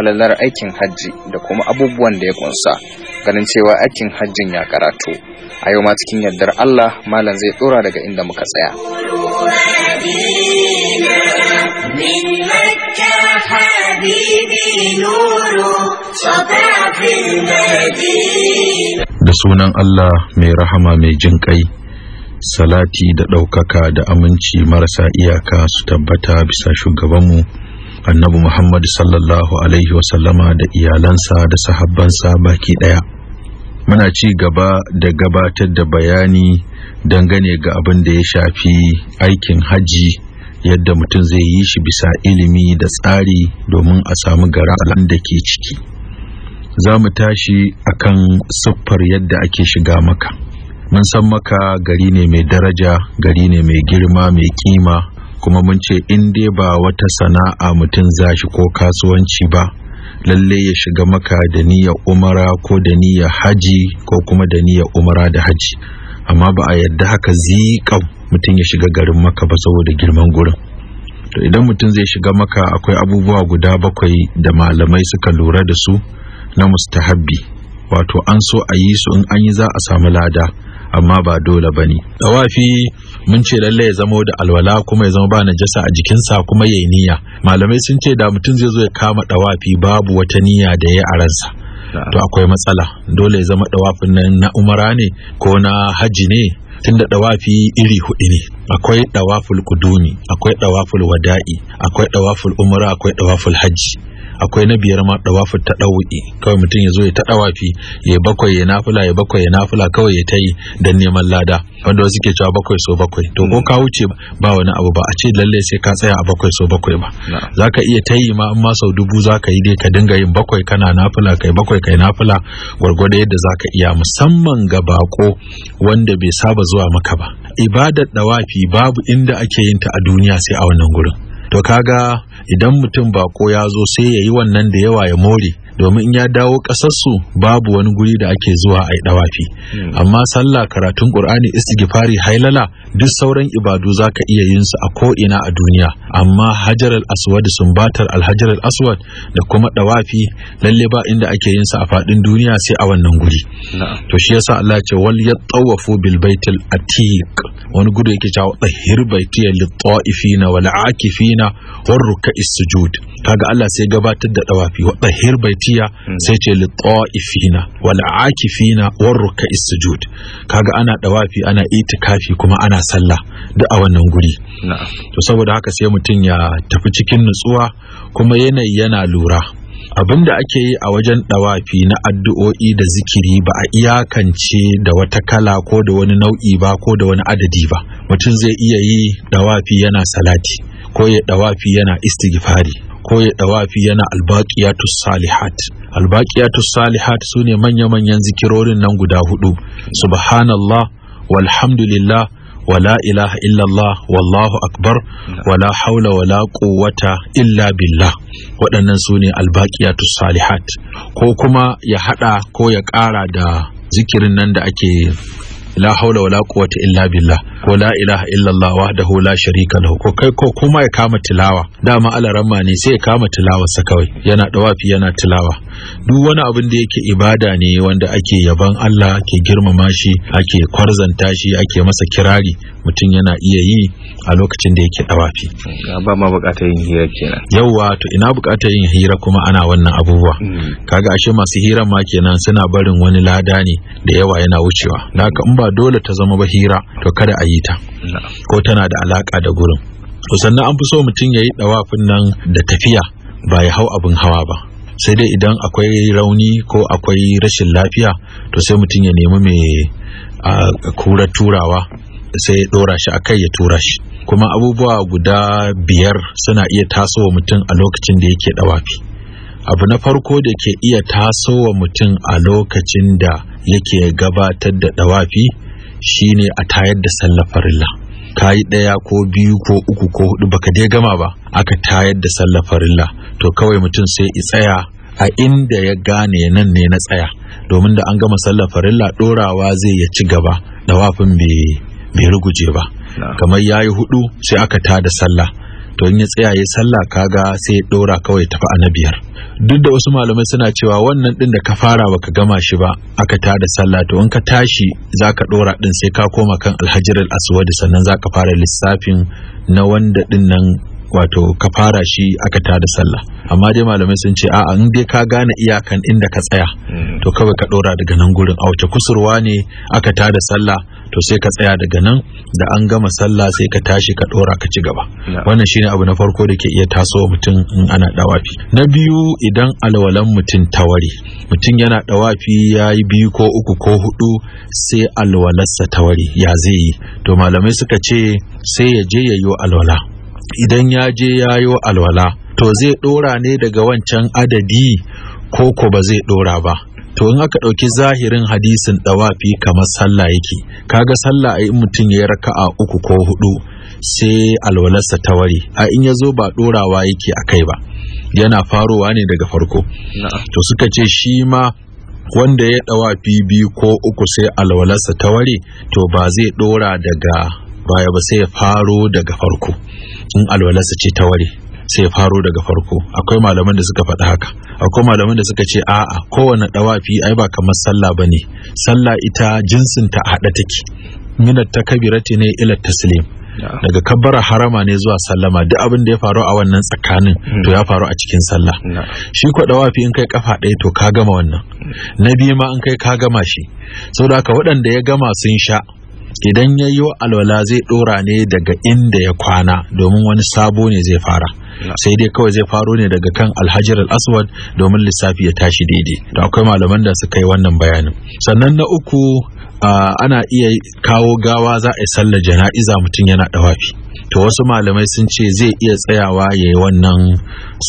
falalar aikin hajji da kuma abubuwan da ya kunsa ganin cewa aikin hajjin ya karatu a yau ma cikin yardar Allah malam zai tsora daga inda muka tsaya da sunan Allah mai rahama mai jin kai salati da ɗaukaka da aminci marasa iyaka su tabbata bisa shugabanmu annabi Muhammad sallallahu alaihi wasallama da iyalansa da sahabbansa baki ɗaya. Muna ci gaba da gabatar da bayani dangane ga abin da ya shafi aikin hajji yadda mutum zai yi shi bisa ilimi da tsari domin a samu gara da ke ciki. Za mu tashi kan siffar yadda ake shiga maka. mun san maka gari ne mai daraja gari ne mai girma mai kima kuma mun ce in dai ba wata sana'a mutum zashi ko kasuwanci ba lalle ya shiga maka da niyyar umara ko da niyyar haji ko kuma da niyyar umara da haji amma ba a yadda haka zika mutum ya shiga garin maka ba saboda girman gurin to idan mutum zai shiga maka akwai abubuwa guda bakwai da malamai suka lura da su na mustahabbi wato an so a yi su in an yi za a samu lada amma ba dole bane dawafi mun ce lalle ya zama da alwala kuma ya zama ba najasa a jikinsa kuma yayi niyya malamai sun ce da mutum zai zo ya kama dawafi babu wata niyya da ya a ransa to akwai matsala dole ya zama dawafin nan na umara ne ko na haji ne tunda dawafi iri hudu ne akwai dawaful quduni akwai dawaful wada'i akwai dawaful umra akwai dawaful haji. akwai na biyar ma dawafin ta dawi kawai mutum ya zo ya ta dawafi ya bakwai ya nafila ya bakwai ya nafila kawai ya tayi dan neman lada wanda wasu ke cewa bakwai so bakwai to ko hmm. ka wuce ba wani abu ba a ce lalle sai ka tsaya a bakwai so bakwai ba Za ka iya tayi ma amma sau dubu za ka yi dai ka dinga yin bakwai kana nafila kai bakwai kai nafila gwargwado yadda za ka iya musamman ga bako wanda bai saba zuwa maka ba ibadar dawafi babu inda ake yin ta a duniya sai a wannan gurin to kaga idan mutum bako ya zo sai ya yi wannan da yawa ya more domin ya dawo ƙasarsu babu wani guri da ake zuwa a yi dawafi hmm. amma sallah karatun qur'ani istighfari hailala duk sauran ibadu za ka iya yin su a ko'ina a duniya amma hajar al-aswad sumbatar al-hajar al-aswad da kuma dawafi lalle ba inda ake yin su a faɗin duniya sai a wannan guri to shi yasa Allah ce wal yatawafu bil baitil atiq wani gudu yake cewa tahir baiti lit taifina wal akifina war ruk'is sujud kaga Allah sai gabatar da dawafi wa tahir tafiya mm. sai ce lit-ta'ifina wal akifina war ruk'is sujud kaga ana dawafi ana itikafi kuma ana sallah duk a wannan guri to saboda haka sai mutum ya tafi cikin nutsuwa kuma yanayi yana lura abin da ake yi a wajen ɗawafi na addu'o'i da zikiri ba a iyakance da wata kala ko da wani nau'i ba ko da wani adadi ba mutum zai iya yi ɗawafi yana salati ko ya ɗawafi yana istighfari ko dawafi yana albaqiyatu salihat albaqiyatu salihat sune manya-manyan zikirorin nan guda hudu subhanallah walhamdulillah wala ilaha illallah wallahu akbar wala haula wala quwwata illa billah waɗannan sune albaqiyatu salihat ko kuma ya hada ko ya ƙara da zikirin nan da ake la haula wala quwwata illa billah ko la ilaha illallah wahdahu la sharika lahu ko kai ko kuma ya kama tilawa dama ma ne sai ya kama sa kawai yana dawafi yana tilawa duk wani abin da yake ibada ne wanda ake yaban Allah ake girmama shi ake kwarzanta shi ake masa kirari mutum yana iya yi a lokacin da yake dawafi ba ma bukatar yin hira kenan yawa to ina bukatar yin hira kuma ana wannan abubuwa mm. kaga ashe masu hiran ma kenan suna barin wani lada ne da yawa yana wucewa haka in ba dole ta zama ba hira to kada a yi ta ko tana da alaka da gurin to sannan an fi so mutum ya yi dawafin nan da tafiya ba ya hau abin hawa ba sai dai idan akwai rauni ko akwai rashin lafiya to sai mutum ya nemi mai kura turawa sai ya dora shi akai ya tura shi kuma abubuwa guda biyar suna iya tasowa mutum a lokacin da yake dawafi abu na farko da ke iya tasowa mutum a lokacin da yake gabatar da dawafi shine a tayar da sallafarilla farilla ka yi ɗaya ko biyu ko uku ko hudu baka dai gama ba aka tayar da sallafarilla to kawai mutum sai i tsaya a inda ya gane nan ne na tsaya domin da an gama sallafarilla ɗorawa zai ya ci gaba dawafin bai ruguje ba kamar ya yi hudu sai aka tada sallah to in ya tsaya ya sallah kaga sai ya dora kawai tafi a na biyar duk da wasu malamai suna cewa wannan din da ka fara baka gama shi ba aka tada sallah to in ka tashi zaka dora din sai ka koma kan alhajar al aswad sannan zaka fara lissafin na wanda din nan wato ka fara shi aka tada sallah amma dai malamai sun ce a'a in dai ka gane iyakan inda ka tsaya mm. to kawai ka dora daga nan gurin a wace kusurwa ne aka tada sallah to sai ka tsaya daga nan da an gama sallah sai ka tashi ka dora ka ci gaba wannan shine abu na farko da ke iya tasowa mutum in ana dawafi na biyu idan alwalan mutum ta ware mutum yana dawafi ya yi biyu ko uku ko hudu sai alwalarsa ta ware ya zai yi to malamai suka ce sai ya je ya yi alwala idan ya je ya yi alwala to zai ɗora ne daga wancan adadi ko ko ba zai ɗora ba to in aka ɗauki zahirin hadisin ɗawafi kamar sallah yake kaga sallah a mutum ya raka'a uku ko hudu sai alwalarsa ta ware a in ya zo ba ɗorawa yake a kai ba yana farowa ne daga farko to suka ce shi ma wanda ya ɗawafi biyu ko uku sai alwalarsa ta ware to ba zai ɗora daga baya ba sai ya faro daga farko in alwalarsa ce ta ware sai faro daga farko akwai malaman da suka faɗi haka akwai malaman da suka ce a'a kowane ɗawafi ai ba kamar sallah ne? sallah ita jinsin ta haɗa take minat kabirati ne ila taslim daga kabbara harama ne zuwa sallama duk abin da ya faru a wannan tsakanin hmm. to ya faru a cikin sallah shi ko dawafi in kai kafa ɗaya to ka gama wannan hmm. na biyu ma in kai ka gama shi saboda haka waɗanda ya gama sun sha idan ya yi alwala zai ɗora ne daga inda ya kwana domin wani sabo ne zai fara sai dai kawai zai faro ne daga kan alhajar al-aswad domin lissafi ya tashi daidai da akwai malaman da suka yi wannan bayanin sannan na uku ana iya kawo gawa za a yi sallar jana'iza mutum yana dawafi to wasu malamai sun ce zai iya tsayawa ya yi wannan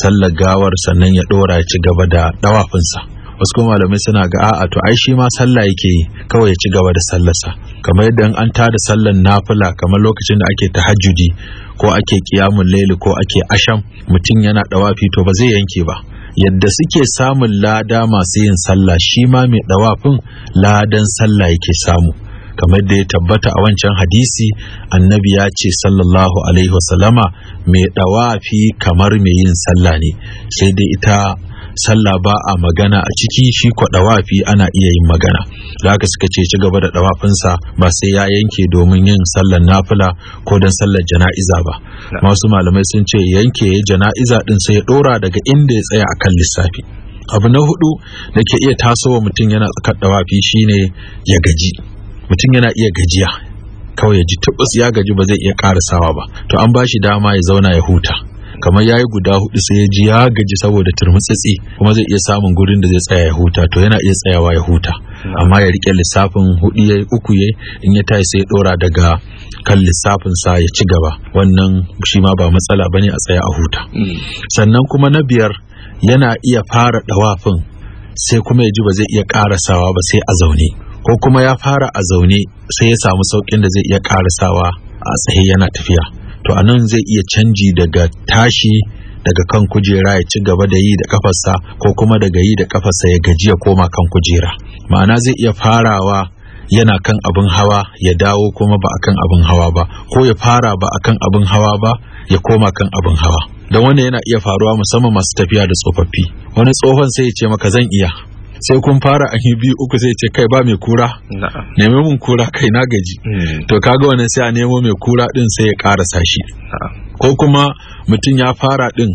sallar gawar sannan ya dora ci gaba da dawafinsa wasu kuma malamai suna ga a'a to ai shi ma sallah yake yi kawai ya ci gaba da sallarsa kamar yadda an tada sallar nafila kamar lokacin da ake tahajjudi ko ake kiyamun laili ko ake asham mutum yana dawafi to ba zai yanke ba yadda suke samun lada masu yin sallah shi ma mai dawafin ladan sallah yake samu kamar da ya tabbata a wancan hadisi annabi ya ce sallallahu alaihi wasallama mai dawafi kamar mai yin sallah ne sai dai ita sallah ba a magana a ciki shi ko dawafi ana iya yin magana da haka suka ce ci gaba da dawafinsa ba sai ya yanke domin yin sallar nafila ko don sallar jana'iza ba masu malamai sun ce yanke jana'iza din sai ya dora daga inda ya tsaya akan lissafi abu na hudu da ke iya tasowa mutum yana tsakar dawafi shine ya gaji mutum yana iya gajiya kawai ya ji tubus ya gaji ba zai iya karasawa ba to an bashi dama ya zauna ya huta kamar yayi guda hudu sai ya ji ya gaji saboda turmutsitsi kuma zai iya samun gurin da zai tsaya ya huta to yana iya tsayawa ya huta amma ya rike lissafin hudu yayi uku yayi in ya tashi sai ya dora daga kan lissafin sa ya ci gaba wannan shi ma ba matsala bane a tsaya a huta mm. sannan kuma na biyar yana iya fara dawafin sai kuma ya ji ba zai iya karasawa ba sai a zaune ko kuma ya fara a zaune sai ya samu saukin da zai iya karasawa a tsaye yana tafiya to anan zai iya canji daga tashi daga kan kujera ya ci gaba da yi da kafarsa ko kuma daga yi da kafarsa ya gaji ya koma kan kujera ma'ana zai iya farawa yana kan abin hawa ya dawo kuma ba akan abin hawa ba ko ya fara ba akan abin hawa ba ya koma kan abin hawa don wannan yana iya faruwa musamman masu tafiya da tsofaffi wani tsohon sai ya ce maka zan iya sai kun fara a biyu uku sai ce kai ba mai kura neme mun kura kai na gaji hmm. to kaga wannan sai a nemo mai kura din sai ya karasa shi ko kuma mutum ya fara din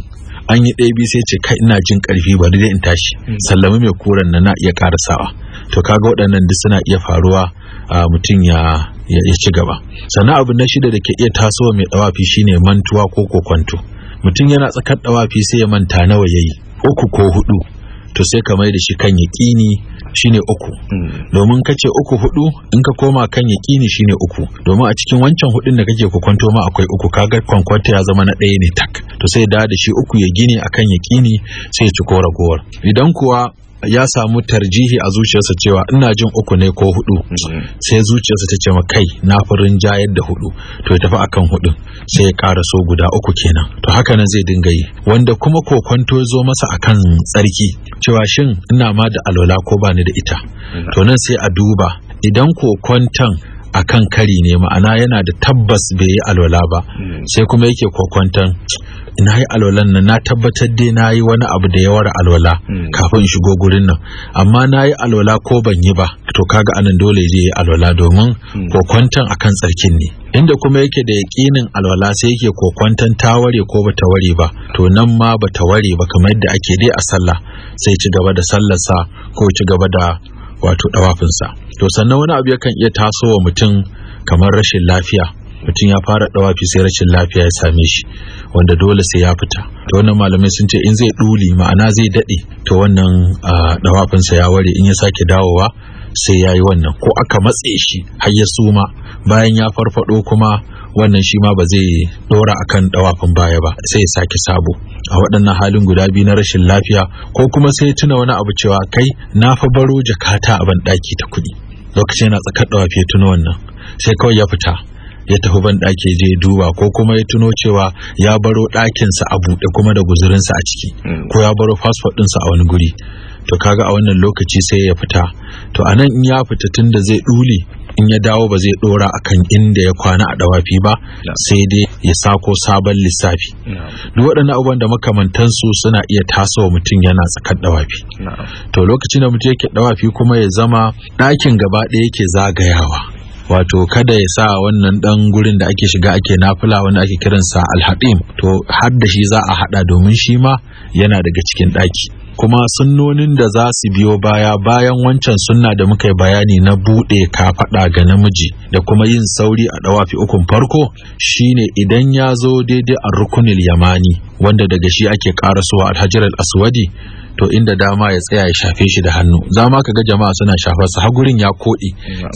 an yi ɗaya biyu sai ce kai ina jin karfi ba dai in tashi hmm. sallami mai kuran na na iya karasawa to kaga waɗannan duk suna iya faruwa a mutum ya ya ci gaba sannan abu na shida da ke iya tasowa mai ɗawafi shine mantuwa ko kokwanto mutum yana tsakar ɗawafi sai ya manta nawa yayi uku ko hudu to sai ka mai da shi kan yaƙini shine uku hmm. domin ka ce uku hudu in ka koma kan yaƙini shine uku domin a cikin wancan hudun da kake kwanto ma akwai uku kaga kwankwata ya zama na ɗaya ne tak to sai da da shi uku ya gini akan yaƙini sai ya ci ko ragowar idan kuwa ya samu tarjihi a zuciyarsa cewa ina jin uku ne ko hudu mm-hmm. sai zuciyarsa ta ce ma kai na farin jayar da hudu to ya tafi akan hudu sai ya ƙara so guda uku kenan to haka nan zai dinga yi wanda kuma kokwanto zo masa akan tsarki cewa shin ina ma da alola ko ba ni da ita mm-hmm. to nan sai a duba idan kokwantan Akan kari ne ma'ana yana da tabbas bai yi alwala ba hmm. sai kuma yake kokwantan na yi alwalan nan na tabbatar dai na yi wani abu da yawar alwala hmm. kafin shigo gurin nan amma na yi alwala ko ban yi ba to kaga anan dole zai yi alwala domin hmm. kokwantan akan tsarkin ne inda kuma yake da yaƙinin alwala sai yake kokwantan ta ware ko ba ta ware ba to nan ma ba ta ware ba kamar yadda ake dai a sallah sai ci gaba da sallarsa ko ci gaba da wato dawafinsa. to sannan wani abu yakan iya tasowa mutum kamar rashin lafiya mutum ya fara ɗawafi sai rashin lafiya ya same shi wanda dole sai ya fita to wannan malamai sun ce in zai duli ma'ana zai dade to wannan sa ya ware in ya sake dawowa sai ya yi wannan ko aka matse shi har ya suma bayan ya farfado kuma wannan shi ma ba zai dora akan dawafin baya ba sai ya sake sabo a waɗannan halin guda biyu na rashin lafiya ko kuma sai tuna wani abu cewa kai na fa baro jakata a ban ɗaki ta kuɗi Lokaci yana tsakar da wafe tuno wannan sai kawai ya fita ya tafi ban ɗaki je duba ko kuma ya tuno cewa ya baro ɗakinsa a buɗe kuma da guzurinsa a ciki hmm. ko ya baro fasfot ɗinsa a wani guri to kaga a wannan lokaci sai ya fita to anan in ya fita tun da zai ɗuli in ya dawo ba zai dora kan inda ya kwana a dawafi ba sai dai ya sako sabon lissafi duk waɗannan abubuwan da makamantansu suna iya tasowa mutum yana tsakar dawafi to lokacin da mutum yake dawafi kuma ya zama ɗakin gaba ɗaya yake zagayawa wato kada ya sa wannan ɗan gurin da ake shiga ake nafila wanda ake kiransa alhaɗim to har da shi za a haɗa domin shi ma yana daga cikin ɗaki kuma sunnonin da za su biyo baya bayan wancan sunna da muka yi bayani na buɗe kafaɗa ga namiji da kuma yin sauri a ɗawafi ukun farko shine idan ya zo daidai a rukunil yamani wanda daga shi ake karasuwa alhajar al-aswadi to inda dama ya tsaya ya shafe shi da hannu za ma ga jama'a suna shafar su gurin ya kodi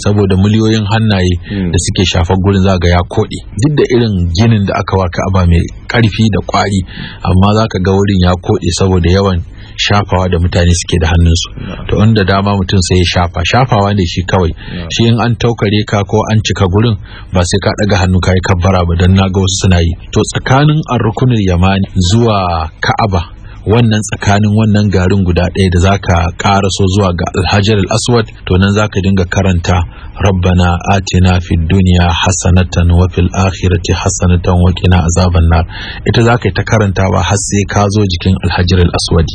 saboda miliyoyin hannaye hmm. da suke shafar gurin za ga ya kodi duk da irin ginin da aka waka aba mai karfi da kwari amma za ka ga wurin ya kodi saboda yawan shafawa da mutane suke da hannunsu to inda dama mutum sai ya shafa shafawa ne shi kawai shi in an taukare ka ko an cika gurin ba sai ka daga hannu ka kabbara ba don na ga wasu suna yi to tsakanin arrukunin yamani zuwa ka'aba wannan tsakanin wannan garin guda ɗaya da za ka so zuwa ga alhajar aswad to nan zaka ka dinga karanta rabbana atina fid duniya hasanatan wa fil akhirati hasanatan wa qina azaban nar ita zaka ka yi ta karantawa har sai ka zo jikin alhajar aswad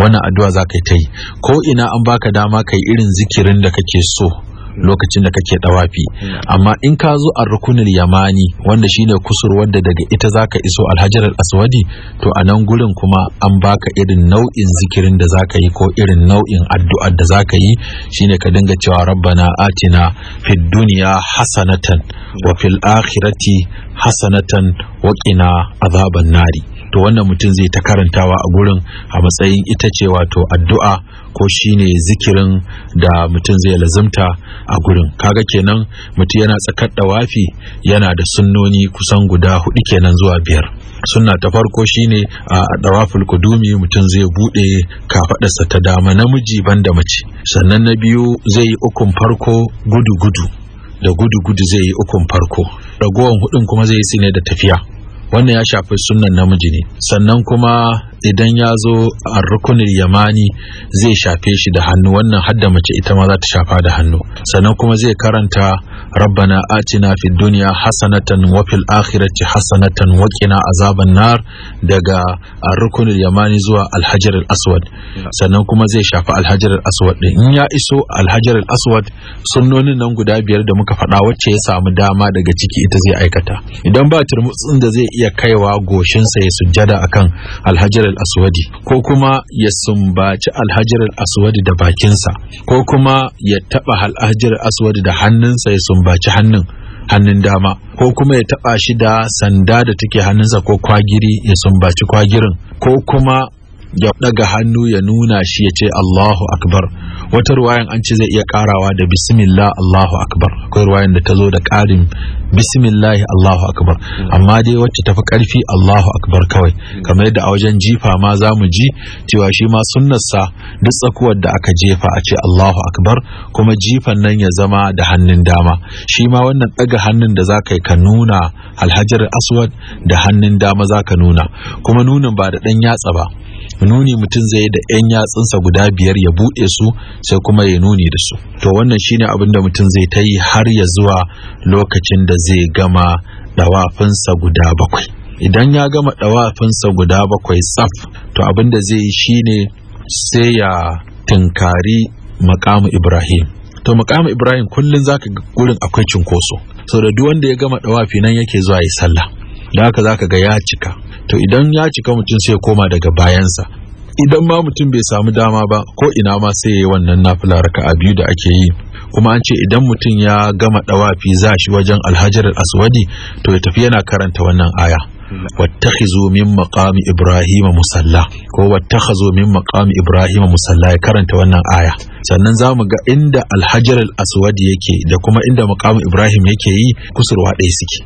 wannan addu'a zaka yi ta yi ko ina an baka dama kai irin zikirin da kake so lokacin da kake dawafi hmm. amma in ka zo a rukunin yamani wanda shine kusurwar da daga ita zaka iso alhajar aswadi to a nan gurin kuma an baka irin nau'in zikirin da zaka yi ko irin nau'in addu'a da zaka yi shine ka dinga cewa rabbana atina fid dunya hasanatan wa fil akhirati hasanatan wa qina azaban nari to wannan mutum zai ta karantawa a gurin a matsayin ita ce wato addu'a ko shine zikirin da mutum zai lazimta a gurin kaga kenan mutum yana tsakar da wafi yana da sunnoni kusan guda hudu kenan zuwa biyar sunna ta farko shine a dawaful kudumi mutum zai bude kafadarsa ta dama namiji banda mace sannan na biyu zai yi ukun farko gudu gudu da gudu gudu zai yi ukun farko ragowan hudun kuma zai yi su da tafiya wannan ya shafi sunan namiji ne sannan kuma idan ya zo a rukunin yamani zai shafe shi da hannu wannan hadda mace ita ma za ta shafa da hannu sannan kuma zai karanta rabbana atina fi duniya hasanatan wa fil akhirati hasanatan wa qina azaban nar daga rukunin yamani zuwa alhajar aswad sannan kuma zai shafi alhajar aswad din in ya iso alhajar aswad sunnonin nan guda biyar da muka faɗa wacce ya samu dama daga ciki ita zai aikata idan ba turmutsin da zai iya kaiwa goshinsa ya sujjada akan alhajar aswadi ko kuma ya sumbaci alhajar aswadi da bakinsa ko kuma ya taba alhajar aswadi da hannunsa ya sumbaci hannun hannun dama ko kuma ya taba shi da sanda da take hannunsa ko kwagiri ya sumbaci kwagirin ko kuma ya daga hannu ya nuna shi ya ce Allahu akbar wata ruwayan an ce zai iya karawa da bismillah Allahu akbar akwai ruwayan da ta zo da karin bismillah Allahu akbar amma dai wacce tafi karfi Allahu akbar kawai kamar yadda a wajen jifa ma za mu ji cewa shi ma sunnarsa duk tsakuwar da aka jefa a ce Allahu akbar kuma jifan nan ya zama da hannun dama shi ma wannan daga hannun da za ka yi ka nuna alhajar aswad da hannun dama za ka nuna kuma nunin ba da ɗan yatsa ba nuni mutum zai da yan yatsunsa guda biyar ya buɗe su sai kuma ya nuni da su to wannan shine abin da mutum zai ta yi har ya zuwa lokacin da zai gama ɗawafinsa guda bakwai idan ya gama ɗawafinsa guda bakwai tsaf to abin da zai yi shine sai ya tinkari makamu ibrahim to makamu ibrahim kullum zaka ga gurin akwai cinkoso so da duk wanda ya gama ɗawafi nan yake zuwa ya sallah da haka zaka ga ya cika to idan ya cika mutum sai koma daga bayansa idan ma mutum bai samu dama ba ko ina ma sai yayi wannan nafila raka'a biyu da ake yi kuma an ce idan mutum ya gama dawafi za shi wajen alhajar aswadi to ya tafi yana karanta wannan aya wattakhizu min maqami ibrahima musalla ko wattakhazu min maqami ibrahima musalla ya karanta wannan aya sannan za mu ga inda alhajar al-aswad yake da kuma inda muqam ibrahim yake yi kusurwa ɗaya suke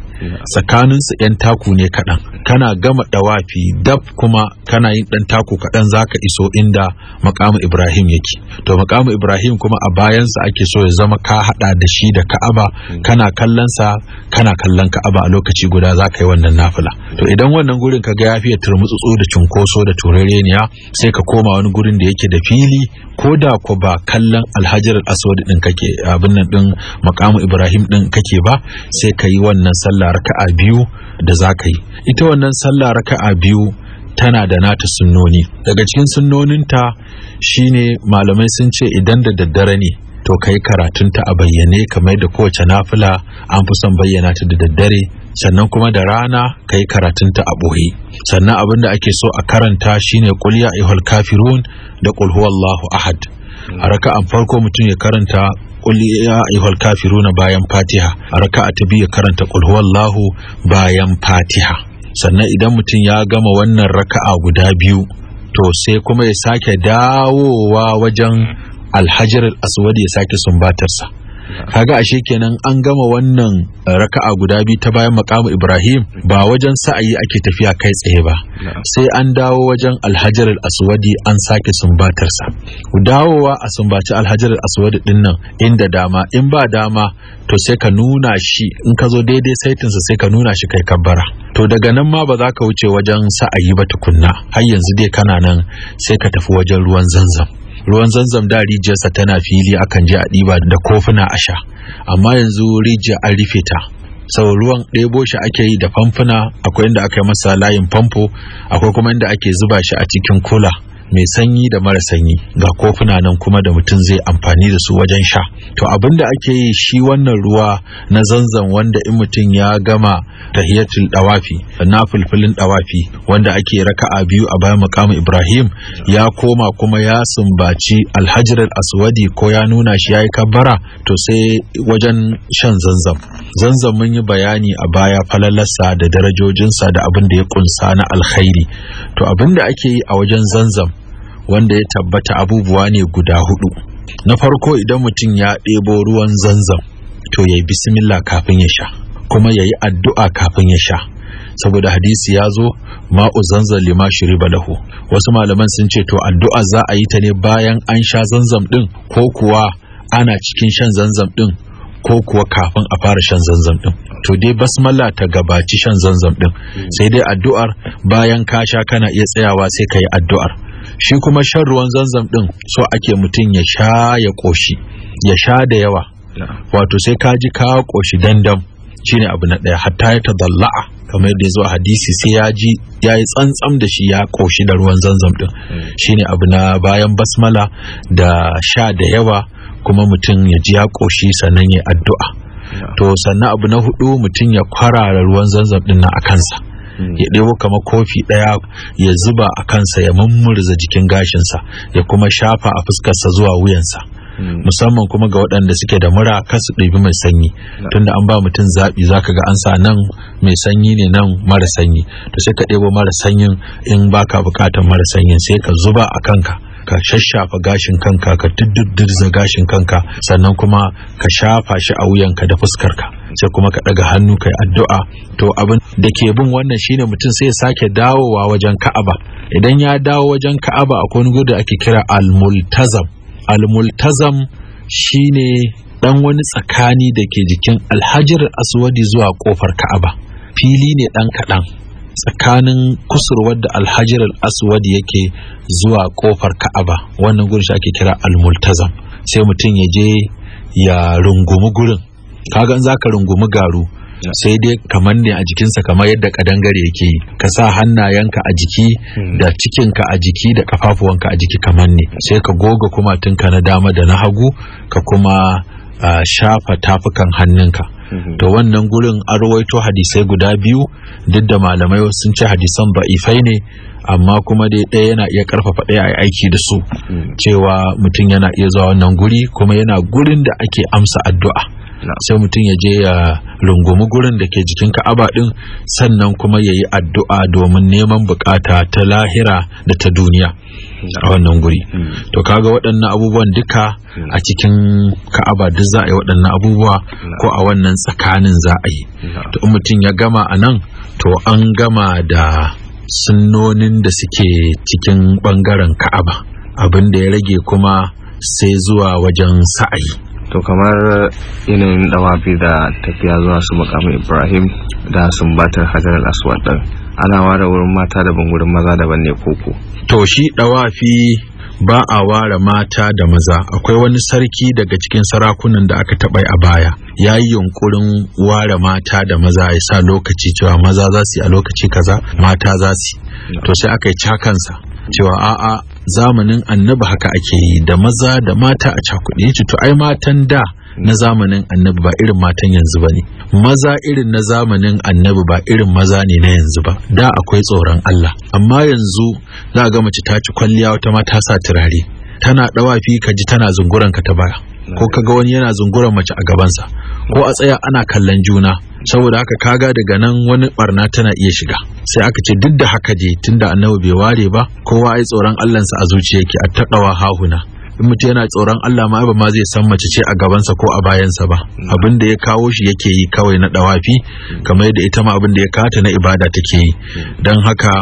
tsakanin su yan taku ne kaɗan kana gama ɗawafi dab kuma kana yin ɗan taku kaɗan zaka iso inda muqam ibrahim yake to muqam ibrahim kuma a bayansa ake so ya zama ka haɗa da shi da ka'aba kana kallon sa kana kallon ka'aba a lokaci guda zaka yi wannan nafila to idan wannan gurin ka ga ya fiye turmutsutso da cunkoso da turereniya sai ka koma wani gurin da yake da fili ko da ko ba kallon alhajar aswad din kake abin nan din makamu ibrahim din kake ba sai ka yi wannan sallah raka'a biyu da za ka yi ita wannan sallah raka'a biyu tana da nata sunnoni daga cikin sunnoninta shine malamai sun ce idan da daddare ne to ka yi karatunta a bayyane kamar da kowace nafila an fi son bayyana ta da daddare sannan kuma da rana ka yi karatunta a ɓoye sannan abin da ake so a karanta shine qul ya ayyuhal kafirun da qul huwallahu ahad a raka'an farko mutum ya karanta qul ya ayyuhal kafiruna bayan fatiha a raka'a ta biyu ya karanta kul huwallahu bayan fatiha sannan idan mutum ya gama wannan raka'a guda biyu to sai kuma ya sake dawowa wajen alhajar aswad ya sake sumbatarsa kaga ashe kenan an gama wannan eh, raka'a guda biyu ta bayan makamu ibrahim ba wajen sa'ayi ake tafiya kai tsaye ba sai an dawo wajen alhajar aswadi an sake sumbatarsa dawowa a sumbaci alhajar aswadi din nan inda dama in ba dama to sai ka nuna shi in ka zo daidai saitinsa sai ka nuna shi kai kabbara to daga nan ma ba za ka wuce wajen sa'ayi ba tukunna har yanzu dai kana nan sai ka tafi wajen ruwan zanzam ruwan zanzam da rijiyarsa tana fili akan je a ɗiba da kofuna a sha amma yanzu rijiya an rufe ta sau ruwan ɗebo shi ake yi da famfuna akwai inda aka yi masa layin famfo akwai kuma inda ake zuba shi a cikin kula mai sanyi da mara sanyi ga kofuna nan kuma da mutum zai amfani da su wajen sha to abin da ake yi shi wannan ruwa na zanzan wanda in mutum ya gama tahiyatul dawafi na fulfulin dawafi wanda ake raka'a biyu a bayan makamu ibrahim ya koma kuma ya sumbaci alhajar aswadi ko ya nuna shi ya yi kabbara to sai wajen shan zanzam zanzam mun yi bayani a baya falalarsa da darajojinsa da abin da ya kunsa na alkhairi to abin da ake yi a wajen zanzam wanda ya tabbata abubuwa ne guda hudu na farko idan mutum ya ɗebo ruwan zanzam to ya yi bismillah kafin ya sha kuma ya yi addu'a kafin ya sha saboda hadisi ya zo ma'u zanzan lima shiri balahu. wasu malaman sun ce to addu'a za a yi ta ne bayan an sha zanzam ɗin? ko kuwa ana cikin shan zanzam ɗin? ko kuwa kafin a fara shan zanzam ɗin? to dai basmala ta gabaci shan zanzam ɗin. sai dai addu'ar bayan ka sha kana iya tsayawa sai ka yi addu'ar shi kuma shan ruwan zanzam din so ake mutum ya sha ya koshi ya sha da yawa wato sai ka ji ka koshi dandam shine abu na daya hatta ya tadalla'a kamar yadda ya hadisi sai ya ji ya yi tsantsam da shi ya koshi da ruwan zanzam din hmm. shine abu na bayan basmala da sha da yawa kuma mutum ya ji ya koshi sannan ya addu'a to sannan abu na hudu mutum ya kwarara ruwan zanzam din na a kansa ya ɗebo kamar kofi ɗaya ya zuba a kansa ya mummurza jikin gashinsa ya kuma shafa a fuskarsa zuwa wuyansa hmm. musamman kuma ga waɗanda suke da mura kasu ɗebi mai sanyi tunda an ba mutum zaɓi zaka ga an sa nan mai sanyi ne nan mara sanyi to sai ka ɗebo mara sanyin in baka bukatan mara sanyin sai ka zuba a kanka ka shashafa gashin kanka ka duddirza gashin kanka sannan kuma ka shafa shi a wuyanka da ka. sai kuma ka daga hannu kai addu'a to abin da ke bin wannan shine mutum sai ya sake dawowa wajen Ka'aba idan ya dawo wajen Ka'aba akwai wani gudu ake kira al-multazam al-multazam shine dan wani tsakani da ke jikin alhajar aswadi zuwa kofar Ka'aba fili ne dan kadan tsakanin kusurwar da alhajar al-aswad yake zuwa kofar ka'aba wannan gurin shi ake kira almultazam, sai mutum ya je ya rungumi gurin kaga in zaka rungumi garu sai dai kamar ne a jikinsa kamar yadda kadangar yake yi ka sa hannayenka a jiki hmm. da cikinka a jiki da kafafuwanka a jiki kamar ne sai ka goga kuma kumatunka na dama da na hagu ka kuma ah, shafa tafukan hannunka Mhm. to wannan gurin an rawaito hadisai guda biyu duk da malamai sun ci hadisan ba'ifai ne amma kuma dai ɗaya yana iya karfafa ɗaya a aiki da su mhm. cewa mutum yana iya zuwa wannan guri kuma yana gurin da ake amsa addu'a sai mutum ya je ya rungumi gurin da ke jikin ka'aba din sannan kuma ya yi addu'a domin neman bukata ta lahira da ta duniya a wannan guri hmm. to kaga waɗannan abubuwan duka hmm. a cikin ka'aba duk za a yi waɗannan abubuwa hmm. ko a wannan tsakanin za a yi to in mutum ya gama a nan to an gama da sunnonin da suke cikin ɓangaren ka'aba abin da ya rage kuma sai zuwa wajen sa'ayi to kamar yanayin dawafi da tafiya zuwa su makamu ibrahim da sumbatar hajar aswad din ana ware wurin mata daban wurin maza daban ne koko to shi dawafi ba a ware mata da maza akwai wani sarki daga cikin sarakunan da aka taɓa a baya ya yi yunkurin ware mata da maza ya sa lokaci cewa maza za su yi a lokaci kaza mata za su to sai aka yi cakansa cewa a'a zamanin annabi haka ake yi da maza da mata a cakuɗe ya to ai matan da na zamanin annabi ba irin matan yanzu ba ne maza irin na zamanin annabi ba irin maza ne na yanzu ba da akwai tsoron Allah amma yanzu za ga mace ta ci kwalliya wata ma ta sa turare tana dawafi kaji tana zunguran ka ta baya ko kaga wani yana zunguran mace a gabansa ko a tsaya ana kallon juna saboda haka kaga daga nan wani barna tana iya shiga sai aka ce duk da haka je tunda annabi bai ware ba kowa ai tsoron Allahnsa a zuciya yake a taɗawa hahuna in mutum yana tsoron Allah ma ba ma zai san mace ce a gabansa ko a bayansa ba abin da ya kawo shi yake yi kawai na dawafi kamar yadda ita ma abin da ya kata na ibada take yi don haka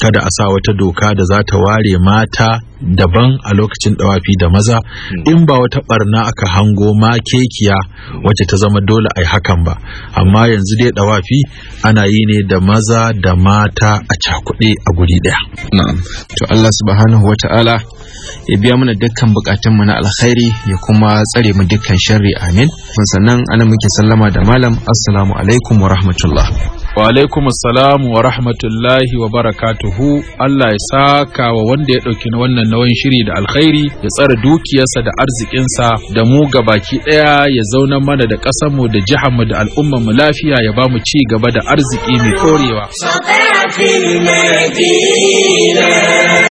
kada a sa wata doka da za ta ware mata daban a lokacin dawafi da maza hmm. in ba wata barna aka hango ma kekiya wacce ta zama dole a hakan ba amma yanzu dai dawafi ana yi ne da maza da mata a cakuɗe a guri ɗaya na'am to Allah subhanahu wata'ala ya biya mana dukkan bukatun mu na alkhairi ya kuma tsare mu dukkan sharri amin sannan ana muke sallama da malam assalamu alaikum wa rahmatullah wa alaikum assalamu wa rahmatullahi wa barakatuhu Allah ya saka wa wanda ya ɗauki wannan nauyin shiri da alkhairi ya tsara dukiyarsa da arzikinsa da mu baki ɗaya ya zauna mana da ƙasarmu da jiharmu da mu lafiya ya ba mu ci gaba da arziki mai ƙorewa.